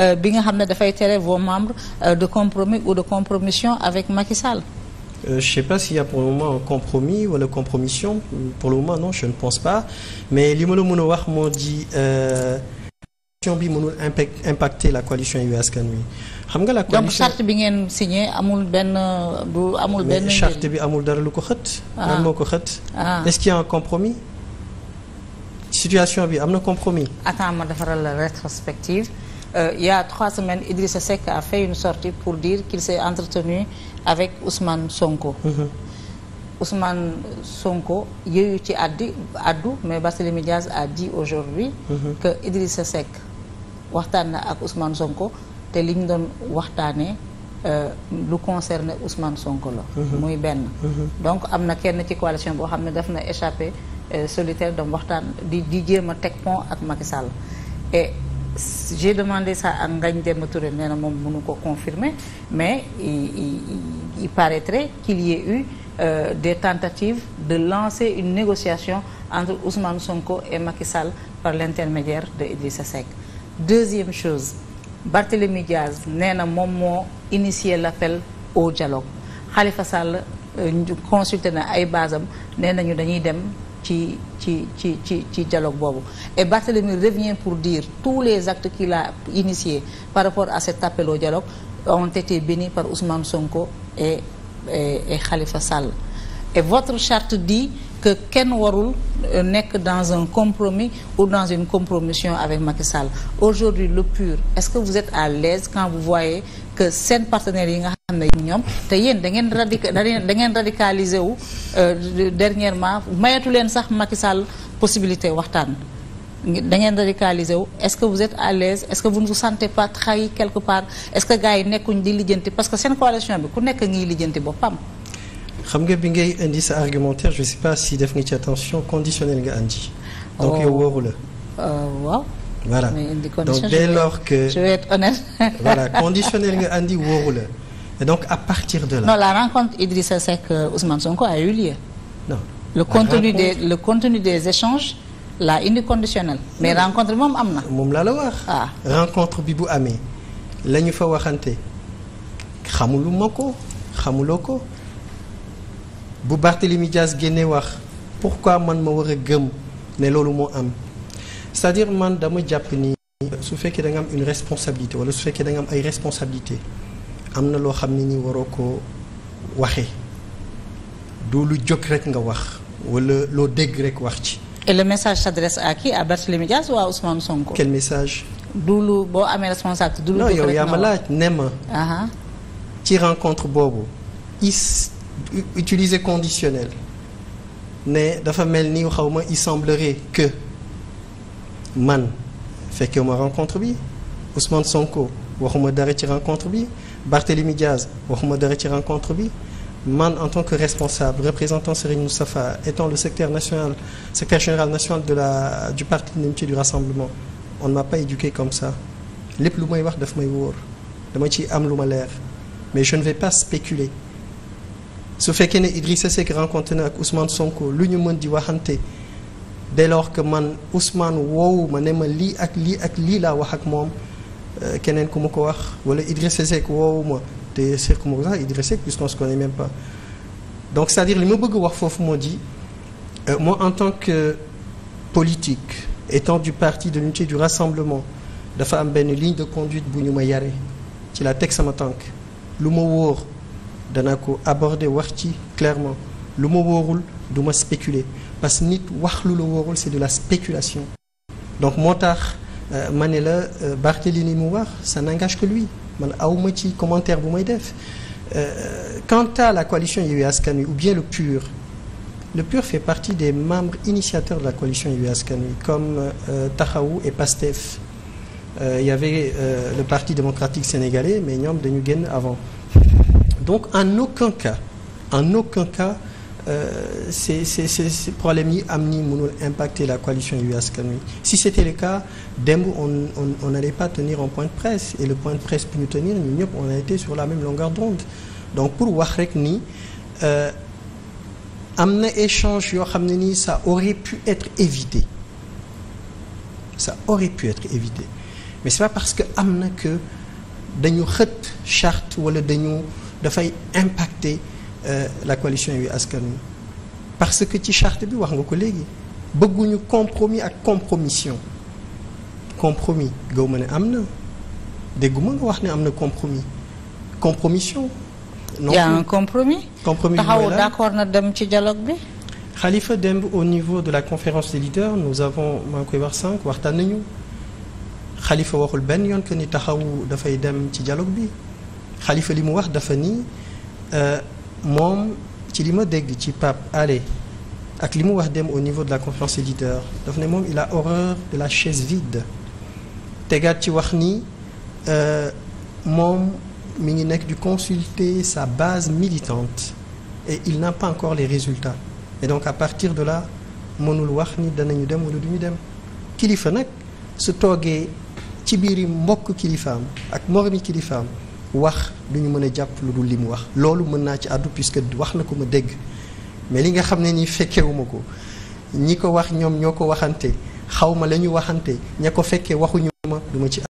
Euh, bi nga xam ne dafay tere vos membres euh, de compromis ou de compromission avec Macky Sall Euh, je sais pas s'il y pour le moment un compromis wala compromission pour le moment non je ne pense pas mais li ma la mën a wax moo di euh, coalition bi mënul impacter la coalition Yewwi Askan Wi xam nga la coalition donc charte bi ngeen signé amul benn amul benn charte bi amul dara lu ko xët ah. lan moo ko xët ah. est-ce qu'il y un compromis situation bi am na compromis attends ma defaral la rétrospective Euh, il y a trois semaines, Idrissa Seck a fait une sortie pour dire qu'il s'est entretenu avec Ousmane Sonko. Mm Sonko yooyu ci addi addu mais Barthélémy Diaz a dit aujourd'hui mm -hmm. que Idrissa Seck waxtaan na ak Ousmane Sonko te li ñu doon waxtaanee euh, lu concerne Ousmane Sonko la mhm. muy benn mhm. donc am na kenn ci coalition boo xam ne daf na échappé euh, solitaire dam waxtaan di di jéem a teg pont ak Macky Sall j'ai demandé ça à Ngagne Demba Touré nee na moom mënu ko confirmer mais il, il, il paraîtrait eu euh, des tentatives de lancer une négociation entre Ousmane Sonko et Macky Sall par l'intermédiaire de sa sec deuxième chose Barthélémy Diaz nee na moom moo initié l'appel au dialogue Khalifa Sall euh, consulté na ay basam nee nañu dañuy dem ci ci ci ci ci dialogue boobu et Barthélemy revient pour dire tous les actes qu'il a initiés par rapport à cet appel au dialogue ont été par Ousmane Sonko et et, et Khalifa Sall et votre charte dit que kenn warul euh, nekk dans un compromis ou dans une compromission avec Macky Sall aujourd'hui le PUR est-ce que vous êtes à l'aise quand vous voyez que seen partenaires yi nga xam ne ñoom te yéen da ngeen radi da ngeen radicalisé wu euh, dernièrement mayatu leen sax Macky Sall possibilité waxtaan da ngeen radicalisé wu est-ce que vous êtes à l'aise est-ce que vous ne vous sentez pas trahi quelque part est-ce que gars yi nekkuñ di lijjanti parce que seen coalition bi ku nekk ngiy lijjanti boppam xam nga bi ngay indi sa argumentaire je sais pas si def nga ci attention conditionnel nga andi. donc yow oh. wóoru la. Euh, donc dès lors que conditionnel nga andi wóoru donc à partir de là. non la rencontre Idrissa Seck euh, Ousmane Sonko a eu lieu. non le contenu des le la indi conditionnel. mais rencontre bi moom am na. moom laa la wax. ah rencontre bi bu amee la fa waxante xamuloo ko. bu Barthélemy Dias génne wax pourquoi man ma war a gëm ne loolu moo am c'est-à-dire man dama jàpp ni su fekkee da am une responsabilité wala su fekkee da am ay responsabilité am na loo xam ni ni waroo ko waxee du lu jóg rek nga wax wala loo dégg rek wax ci. et le message s'adresse à qui à Barthélemy Dias ou à Ousmane Sonko. quel message. du lu boo amee responsabilité. du lu jóg rek non yaa ma laaj ne ma. ci rencontre boobu is. utiliser conditionnel ne dafa mel ni xaw ma il semblerait que man fekkee ma rencontre bi Ousmane Sonko waxuma dara ci rencontre bi Barthélémy Diaz waxuma dara ci rencontre bi man en tant que responsable représentant Serigne Moustapha étant le secrétaire national secrétaire général national de la du parti d'unité du rassemblement on ne m'a pas éduqué comme ça lépp lu may wax dafa may wóor dama ci am lu ma leer mais je ne vais pas spéculer su fekkee ne Idrissa Seck rencontré na ak Ousmane Sonko lu ñu mën di waxante dès lors que man Ousmane woowu ma ne ma lii ak lii ak lii laa wax ak moom euh, keneen ku ma ko wax wala Idrissa Seck ma te Seck ma ko sax Idrissa Seck puisqu'on même pas donc cest dire li ma bëgg wax foofu moo di euh, moo en tant que politique étant du parti de l'unité du rassemblement dafa am benn ligne de conduite bu ñu ma yare ci laa teg sama tànk lu ma wóor dana ko aborder wax ci clairement lu ma wóorul du ma spéculer parce que nit wax lu la wóorul c'est de la spéculation donc moo tax euh, ma ne la euh, Barthélémy mu wax ça n'engage que lui man awma ci commentaire bu may def euh, quant à la coalition Yewwi Askan Wi ou bien le PUR le PUR fait partie des membres initiateurs de la coalition Yewwi Askan Wi comme Taxawu et Pastef il euh, y avait euh, le Parti démocratique sénégalais mais ñoom dañu génn avant donc en aucun cas en aucun cas ces euh, ces ces problèmes yi am ni mënul impacter la coalition Yewwi Askan Wi si c'était le cas démb on on on n'allait pas tenir un point de presse et le point de presse bi ñu tenir ñu ñëpp on a été sur la même longueur d'onde donc pour wax rek ni euh, am na échange yoo xam ne ni ça aurait pu être évité ça aurait pu être évité mais c'est pas parce que am na que dañu xët charte wala dañu. dafay impacter euh, la coalition Yewwi Askan Wi parce que ci charte bi wax nga ko léegi bëgguñu compromis ak compromission compromis gaw ma ne am na dégg dégguma nga wax ne am na compromis compromission non y a un compromis compromis taxaw d'accord na dem ci dialogue bi xalifa Demb au niveau de la conférence des leaders nous avons maa ngi koy wax sànq waxtaan nañu Khalifa waxul benn yoon que ni taxawu dafay dem ci jaloog bi xalifa li mu wax dafa ni euh, moom ci li ma dégg ci Pape Alé ak li mu wax dem au niveau de la conférence éditeur dafa ne moom il a horreur de la chaise vide tegaat ci wax ni euh, moom mi ngi nekk du consulter sa base militante et il n'a pas encore les résultats et donc à partir de là mënul wax ni danañu dem wala du ñu dem kilifa nag su toogee ci biiri mbokk kilifaam ak moromi kilifaam wax du ñu mën a jàpp lu dul li mu wax loolu mën naa ci àddu puisque wax na ko ma dégg mais li nga xam ne nii fekkewuma ko ñi ko wax ñoom ñoo ko waxante xaw ma la ñu waxante ña ko fekkee waxuñu ma du ci